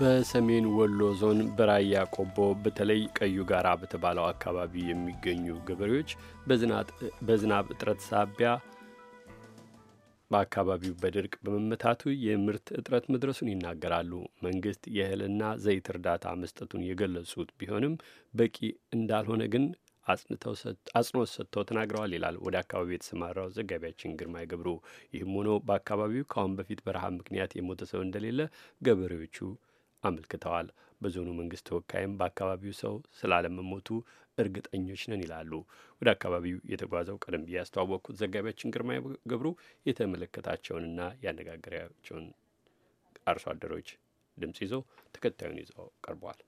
በሰሜን ወሎ ዞን በራያ ቆቦ በተለይ ቀዩ ጋራ በተባለው አካባቢ የሚገኙ ገበሬዎች በዝናብ እጥረት ሳቢያ በአካባቢው በድርቅ በመመታቱ የምርት እጥረት መድረሱን ይናገራሉ። መንግስት የእህልና ዘይት እርዳታ መስጠቱን የገለጹት ቢሆንም በቂ እንዳልሆነ ግን አጽንኦት ሰጥተው ተናግረዋል ይላል ወደ አካባቢው የተሰማራው ዘጋቢያችን ግርማ ይገብሩ። ይህም ሆኖ በአካባቢው ከአሁን በፊት በረሃብ ምክንያት የሞተ ሰው እንደሌለ ገበሬዎቹ አመልክተዋል። በዞኑ መንግስት ተወካይም በአካባቢው ሰው ስላለመሞቱ እርግጠኞች ነን ይላሉ። ወደ አካባቢው የተጓዘው ቀደም ብዬ ያስተዋወቅኩት ዘጋቢያችን ግርማ ገብሩ የተመለከታቸውንና ያነጋገራቸውን አርሶ አደሮች ድምጽ ይዞ ተከታዩን ይዞ ቀርቧል።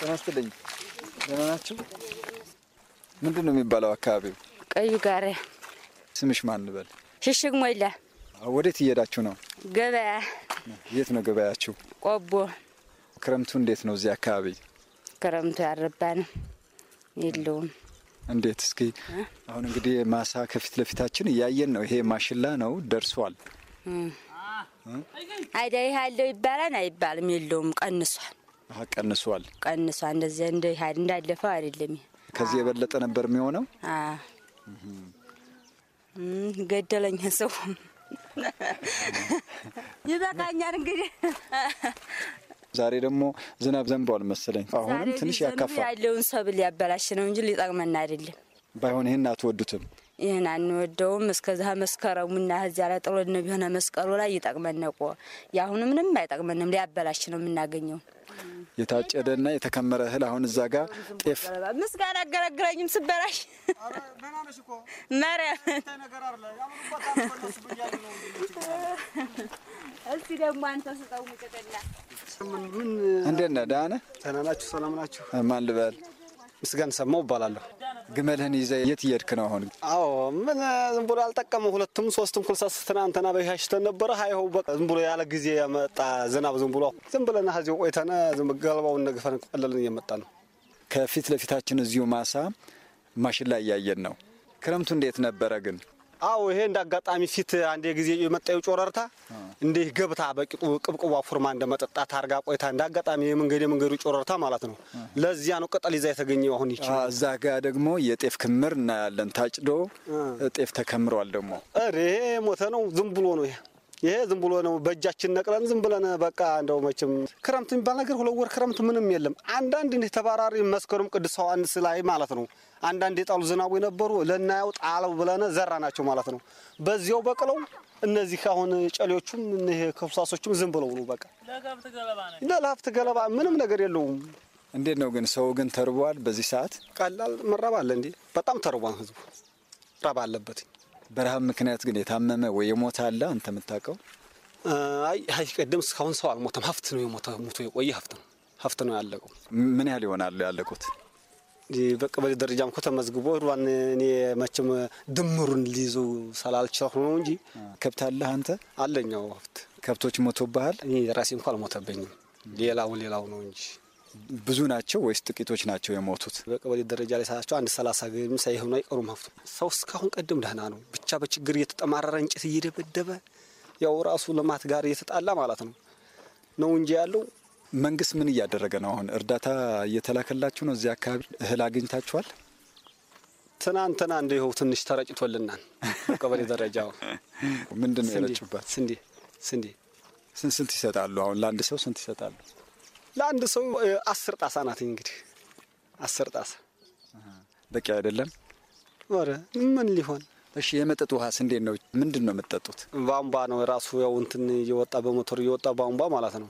ጤና ይስጥልኝ። ደህና ናችሁ? ምንድን ነው የሚባለው አካባቢው? ቀዩ ጋሪያ። ስምሽ ማን ንበል? ሽሽግ ሞላ። ወዴት እየሄዳችሁ ነው? ገበያ። የት ነው ገበያችሁ? ቆቦ። ክረምቱ እንዴት ነው እዚህ አካባቢ? ክረምቱ ያረባንም የለውም። እንዴት እስኪ አሁን እንግዲህ ማሳ ከፊት ለፊታችን እያየን ነው። ይሄ ማሽላ ነው ደርሷል። አይዳ ይህ ያለው ይባላል አይባልም? የለውም። ቀንሷል። ቀንሷል፣ ቀንሷል። እንደዚህ እንዳለፈው አይደለም። ከዚህ የበለጠ ነበር የሚሆነው ገደለኝ ሰው ይበቃኛል። እንግዲህ ዛሬ ደግሞ ዝናብ ዘንቧል መሰለኝ። አሁንም ትንሽ ያካፋል። ያለውን ሰብል ሊያበላሽ ነው እንጂ ሊጠቅመን አይደለም። ባይሆን ይህን አትወዱትም? ይህን አንወደውም። እስከዛ ና ዚያ ላይ ጥሎ ጥሎን ቢሆነ መስቀሉ ላይ ይጠቅመን ነቆ። የአሁኑ ምንም አይጠቅመንም፣ ሊያበላሽ ነው የምናገኘው። የታጨደ የታጨደና የተከመረ እህል አሁን እዛ ጋ ጤፍ ምስጋና አገረግረኝም ስበራሽ መሪያም እስቲ ደግሞ አንተ ነህ? ደህና ነህ? ሰላም ናችሁ? ማን ልበል? ምስጋን ሰማው እባላለሁ። ግመልህን ይዘ የት እየድክ ነው አሁን? አዎ ምን ዝም ብሎ አልጠቀምም። ሁለቱም ሶስቱም ኩልሳ ስትናንተና በሻሽተን ነበረ። ሀይሆ ዝም ብሎ ያለ ጊዜ የመጣ ዝናብ ዝም ብሎ ዝም ብለና ዚ ቆይተነ ገለባውን ነግፈን ቀለልን እየመጣ ነው። ከፊት ለፊታችን እዚሁ ማሳ ማሽላ እያየን ነው። ክረምቱ እንዴት ነበረ ግን? አዎ ይሄ እንደ አጋጣሚ ፊት አንዴ ጊዜ የመጣው ጮረርታ እንዲህ ገብታ በቂጡ ቅብቅዋ ፉርማ እንደ መጠጣት አርጋ ቆይታ እንደ አጋጣሚ የመንገድ የመንገዱ ጮረርታ ማለት ነው። ለዚያ ነው ቅጠል ይዛ የተገኘው። አሁን ይቺ እዛ ጋ ደግሞ የጤፍ ክምር እናያለን። ታጭዶ ጤፍ ተከምሯል። ደግሞ ኧረ ይሄ ሞተ ነው። ዝም ብሎ ነው ይሄ ይሄ ዝም ብሎ ነው በእጃችን ነቅለን ዝም ብለን በቃ እንደው መቼም ክረምት የሚባል ነገር ሁለት ወር ክረምት ምንም የለም። አንዳንድ እንዲህ ተባራሪ መስከረም ቅዱስ ዮሐንስ ላይ ማለት ነው አንዳንድ የጣሉ ዝናቡ የነበሩ ለናየው ጣለው ብለን ዘራ ናቸው ማለት ነው። በዚያው በቅለው እነዚህ አሁን ጨሌዎቹም እነዚህ ከብሳሶቹም ዝም ብለው ነው በቃ ለሀብት ገለባ ምንም ነገር የለውም። እንዴት ነው ግን ሰው ግን ተርቧል። በዚህ ሰዓት ቀላል መራብ አለ እንዴ? በጣም ተርቧል ህዝቡ፣ ራብ አለበት። በረሃብ ምክንያት ግን የታመመ ወይ የሞተ አለ አንተ የምታውቀው? አይ ሀይ ቀደም እስካሁን ሰው አልሞተም። ሀፍት ነው የሞተ ሞቶ የቆየ ሀፍት ነው ሀፍት ነው ያለቀው። ምን ያህል ይሆናሉ ያለቁት? በቃ በዚህ ደረጃም እኮ ተመዝግቦ ዋን እኔ መቼም ድምሩን ሊይዙ ስላልቻልኩ ነው እንጂ ከብት አለህ አንተ? አለኛው ሀብት ከብቶች ሞቶብሃል? እኔ ራሴ እንኳ አልሞተብኝም። ሌላው ሌላው ነው እንጂ ብዙ ናቸው ወይስ ጥቂቶች ናቸው የሞቱት? በቀበሌ ደረጃ ላይ ሳያቸው አንድ ሰላሳ ገቢ ሳይሆኑ አይቀሩም። ሀብቱ ሰው እስካሁን ቀደም ደህና ነው፣ ብቻ በችግር እየተጠማረረ እንጨት እየደበደበ ያው ራሱ ልማት ጋር እየተጣላ ማለት ነው ነው እንጂ ያለው መንግስት ምን እያደረገ ነው? አሁን እርዳታ እየተላከላችሁ ነው? እዚህ አካባቢ እህል አግኝታችኋል? ትናንትና እንዲሁ ትንሽ ተረጭቶልናል። ቀበሌ ደረጃ ምንድን ነው ስንዴ ስንዴ ስንት ይሰጣሉ? አሁን ለአንድ ሰው ስንት ይሰጣሉ? ለአንድ ሰው አስር ጣሳ ናት እንግዲህ አስር ጣሳ በቂ አይደለም። ኧረ ምን ሊሆን እሺ። የመጠጥ ውሃስ እንዴት ነው? ምንድን ነው የምትጠጡት? ቧንቧ ነው ራሱ ያው እንትን እየወጣ በሞተር እየወጣ ቧንቧ ማለት ነው።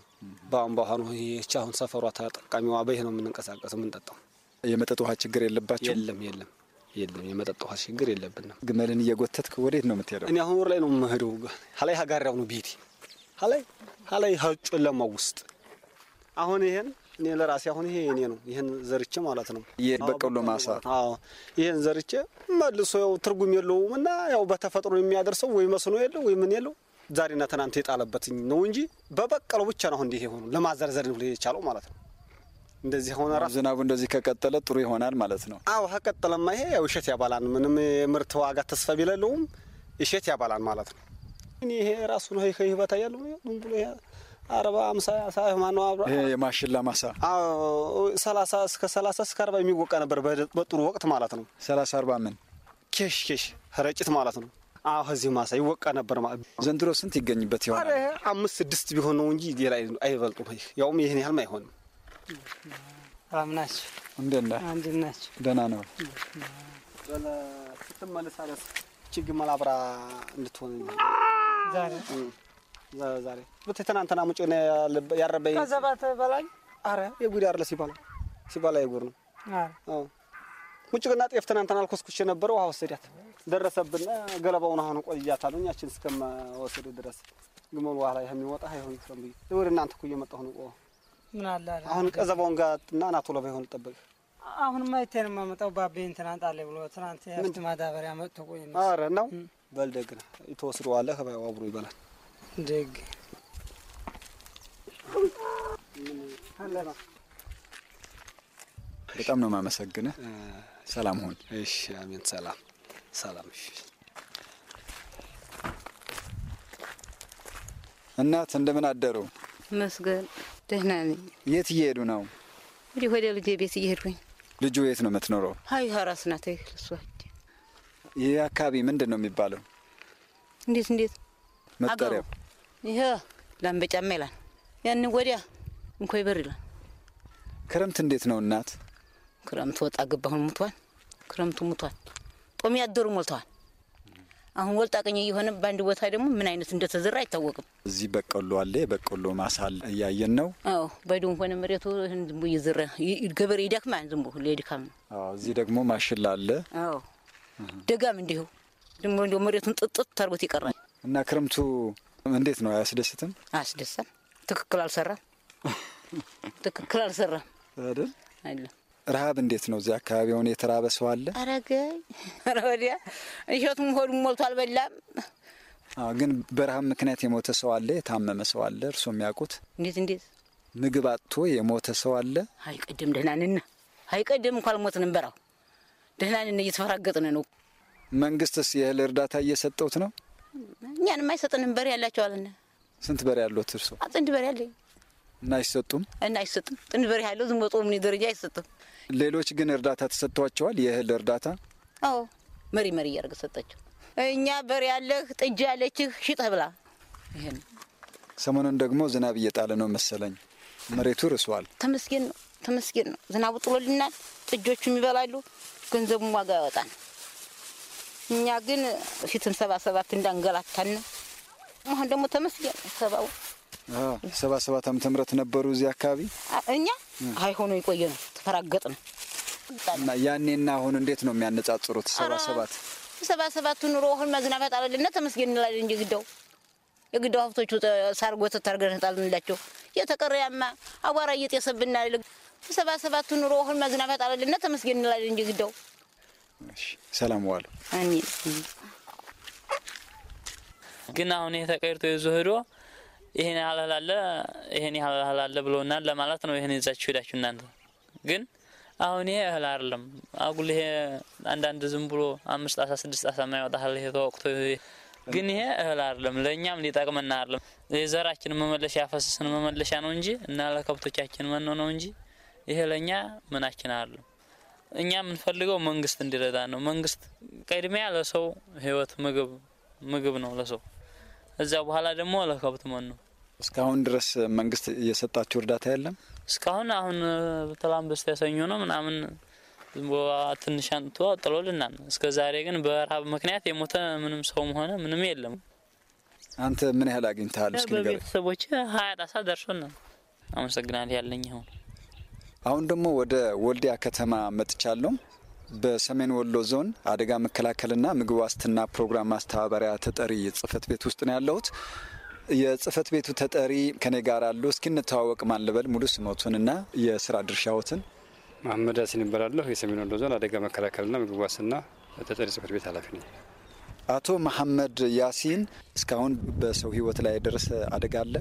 ቧንቧ ውሃ ነው ይህች። አሁን ሰፈሯ ተጠቃሚዋ በይህ ነው የምንንቀሳቀሰው የምንጠጣው። የመጠጥ ውሃ ችግር የለባቸው? የለም የለም የለም የመጠጥ ውሃ ችግር የለብንም። ግመልን እየጎተትክ ወዴት ነው የምትሄደው? እኔ አሁን ወር ላይ ነው የምሄደው። ሀላይ ሀጋሪያው ነው ቤቴ ሀላይ ሀላይ ጨለማው ውስጥ አሁን ይሄን እኔ ለራሴ አሁን ይሄ የኔ ነው። ይሄን ዘርቼ ማለት ነው በቆሎ ማሳ። አዎ ይሄን ዘርቼ መልሶ ያው ትርጉም የለውም እና ያው በተፈጥሮ የሚያደርሰው ወይ መስኖ የለው ወይ ምን የለው ዛሬና ትናንት የጣለበትኝ ነው እንጂ በበቀለው ብቻ ነው አሁን እንዲህ የሆኑ ለማዘርዘር ነው የቻለው ማለት ነው። እንደዚህ ሆነ ራሱ ዝናቡ እንደዚህ ከቀጠለ ጥሩ ይሆናል ማለት ነው። አዎ ከቀጠለማ ይሄ ያው እሸት ያባላል። ምንም የምርት ዋጋ ተስፋ ቢለለውም እሸት ያባላል ማለት ነው። ይሄ ራሱ ነው ይህ በታያለሁ ብሎ አርባ አምሳ ሃምሳ ማነው የማሽላ ማሳ ሰላሳ እስከ ሰላሳ እስከ አርባ የሚወቃ ነበር በጥሩ ወቅት ማለት ነው። ሰላሳ አርባ ምን ኬሽ ኬሽ ረጭት ማለት ነው። አሁ ከዚህ ማሳ ይወቃ ነበር ማለት ነው። ዘንድሮ ስንት ይገኝበት ይሆናል? አምስት ስድስት ቢሆን ነው እንጂ ሌላ አይበልጡም። ያውም ይህን ያህልም አይሆንም። ሰላም ናቸው። እንዴት ነህ? አንድን ናቸው። ደህና ነው። ስትመለስ ችግር መላብራ እንድትሆን ዛሬ ዛሬ ትናንትና ሙጭ ያረበኝ ከዘባት በላይ አረ የጉድ አለ ሲባላ ሲባላ የጉድ ነው። ሙጭ ግና ጤፍ ትናንትና አልኮስኩሽ የነበረ ውሃ ወሰዳት ደረሰብን። ገለባውን አሁን ቆይያታል እኛችን እስከመወሰዱ ድረስ ግመል ውሃ የሚወጣ አይሆን ይፈም ብዬ ወደ እናንተ እኮ እየመጣሁ ነው። አሁን ቀዘባውን ጋር እና ናቶ ለባ ይሆን ጠበቅ አሁን ማይቴን የማመጣው ባቤን ትናንት አለ ብሎ ትናንት ያፍት ማዳበሪያ መጥቶ ቆይ ነው። አረ ነው በልደግና ይተወስደዋለህ አብሮ ይበላል ደግ በጣም ነው የማመሰግንህ። ሰላም ሁን። እሺ፣ አሜን። ሰላም ሰላም። እሺ፣ እናት እንደምን አደሩ? መስገን ደህና ነኝ። የት እየሄዱ ነው? እንግዲህ ወደ ልጄ ቤት እየሄድኩኝ። ልጁ የት ነው የምትኖረው? ሀይ ሀራስ ናት። ይህ አካባቢ ምንድን ነው የሚባለው? እንዴት እንዴት መጠሪያው ይሄ ላምበጫማ ይላል፣ ያን ወዲያ እንኮይ ይበር ይላል። ክረምት እንዴት ነው እናት? ክረምት ወጣ ገባ ሙቷል። ክረምቱ ሙቷል። ጦም ያደሩ ሞልተዋል። አሁን ወልጣ ቀኝ እየሆነ በአንድ ቦታ ደግሞ ምን አይነት እንደተዘራ አይታወቅም። እዚህ በቆሎ አለ፣ የበቆሎ ማሳል እያየን ነው። አዎ ባይዶም ሆነ መሬቱ እየዘራ ገበሬ ይደክማል፣ ዝም ብሎ ይደክማል። አዎ እዚህ ደግሞ ማሽላ አለ። አዎ ደጋም እንዲሁ ደግሞ መሬቱን ጥጥት ተርቦት ይቀራል እና ክረምቱ እንዴት ነው? አያስደስትም? አያስደስትም። ትክክል አልሰራም። ትክክል አልሰራም አይደል? አይደለም። ረሀብ እንዴት ነው? እዚህ አካባቢ ሆነ የተራበ ሰው አለ? አረገኝ ወዲያ እሸቱም ሆዱ ሞልቶ አልበላም። ግን በረሀብ ምክንያት የሞተ ሰው አለ? የታመመ ሰው አለ? እርሶ የሚያውቁት እንዴት እንዴት ምግብ አጥቶ የሞተ ሰው አለ? አይቀደም ደህናንና አይቀድም እንኳ አልሞትንም። በራው ደህናንና እየተፈራገጥን ነው። መንግስትስ የእህል እርዳታ እየሰጠውት ነው? እኛን የማይሰጥንም በሬ ያላቸው አለ። ስንት በሬ ያለት እርሶ? ጥንድ በሬ አለኝ እና አይሰጡም እና አይሰጡም። ጥንድ በሬ ያለው ዝም በጦ ምን ደረጃ አይሰጡም። ሌሎች ግን እርዳታ ተሰጥቷቸዋል። የእህል እርዳታ አዎ፣ መሪ መሪ እያደረገ ሰጠችው። እኛ በሬ ያለህ ጥጃ ያለችህ ሽጠህ ብላ። ይሄን ሰሞኑን ደግሞ ዝናብ እየጣለ ነው መሰለኝ መሬቱ ርሷል። ተመስገን ነው ተመስገን ነው። ዝናቡ ጥሎልናል። ጥጆቹም ይበላሉ፣ ገንዘቡም ዋጋ ያወጣል። እኛ ግን ፊትን ሰባ ሰባት እንዳንገላታን አሁን ደግሞ ተመስገን ሰባው ሰባ ሰባት ዓመተ ምህረት ነበሩ እዚህ አካባቢ እኛ አይ ሆኖ የቆየ ነው ተፈራገጥ ነው እና ያኔና አሁን እንዴት ነው የሚያነጻጽሩት? ሰባ ሰባት ሰባ ሰባቱ ኑሮ አሁን መዝናብ ፈጣሪልና ተመስገን እንላለን እንጂ ግዳው የግዳው ሀብቶቹ ሳር ጎተት አድርገን የተቀረ ያማ አቧራ እየጤሰብና ሰባ ሰባቱ ኑሮ አሁን መዝናብ ፈጣሪልና ተመስገን እንላለን እንጂ ግዳው ሰላም ዋሉ። ግን አሁን ይሄ ተቀይርቶ ይዞ ሄዶ ይሄን ያህል እህል አለ ያህል እህል አለ ለማለት ነው። ይሄን ይዛችሁ ሄዳችሁ እናንተ ግን አሁን ይሄ እህል አይደለም አጉል ይሄ አንዳንድ ዝም ብሎ አምስት አሳ ስድስት አሳ የማይወጣ እህል ይሄ ተወቅቶ ግን ይሄ እህል አይደለም ለእኛም ሊጠቅመና አይደለም። የዘራችን መመለሻ ያፈሰስን መመለሻ ነው እንጂ እና ለከብቶቻችን መኖ ነው እንጂ ይሄ ለእኛ ምናችን አይደለም። እኛ የምንፈልገው መንግስት እንዲረዳ ነው። መንግስት ቅድሚያ ለሰው ህይወት ምግብ ምግብ ነው ለሰው እዛ በኋላ ደግሞ ለከብት መኖ ነው። እስካሁን ድረስ መንግስት እየሰጣችሁ እርዳታ የለም። እስካሁን አሁን በተላም በስቲያ ሰኞ ነው ምናምን ትንሽ አንጥቶ ነው። እስከ ዛሬ ግን በረሀብ ምክንያት የሞተ ምንም ሰውም ሆነ ምንም የለም። አንተ ምን ያህል አግኝተሃል? እስኪ ንገረኝ። በቤተሰቦች ሀያ ጣሳ ደርሶና አመሰግናል ያለኝ አሁን አሁን ደግሞ ወደ ወልዲያ ከተማ መጥቻለሁ። በሰሜን ወሎ ዞን አደጋ መከላከልና ምግብ ዋስትና ፕሮግራም ማስተባበሪያ ተጠሪ ጽህፈት ቤት ውስጥ ነው ያለሁት። የጽህፈት ቤቱ ተጠሪ ከኔ ጋር አሉ። እስኪ እንተዋወቅ። ማን ልበል? ሙሉ ስሞቱንና የስራ ድርሻዎትን። መሀመድ ያሲን ይባላለሁ። የሰሜን ወሎ ዞን አደጋ መከላከልና ምግብ ዋስትና ተጠሪ ጽህፈት ቤት ኃላፊ ነኝ። አቶ መሐመድ ያሲን፣ እስካሁን በሰው ህይወት ላይ የደረሰ አደጋ አለ?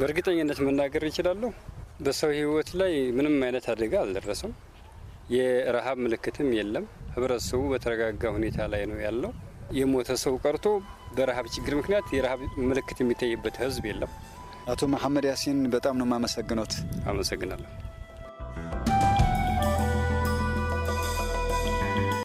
በእርግጠኝነት መናገር ይችላለሁ። በሰው ህይወት ላይ ምንም አይነት አደጋ አልደረሰም። የረሃብ ምልክትም የለም። ህብረተሰቡ በተረጋጋ ሁኔታ ላይ ነው ያለው። የሞተ ሰው ቀርቶ በረሃብ ችግር ምክንያት የረሃብ ምልክት የሚታይበት ህዝብ የለም። አቶ መሐመድ ያሲን በጣም ነው የማመሰግኖት። አመሰግናለሁ።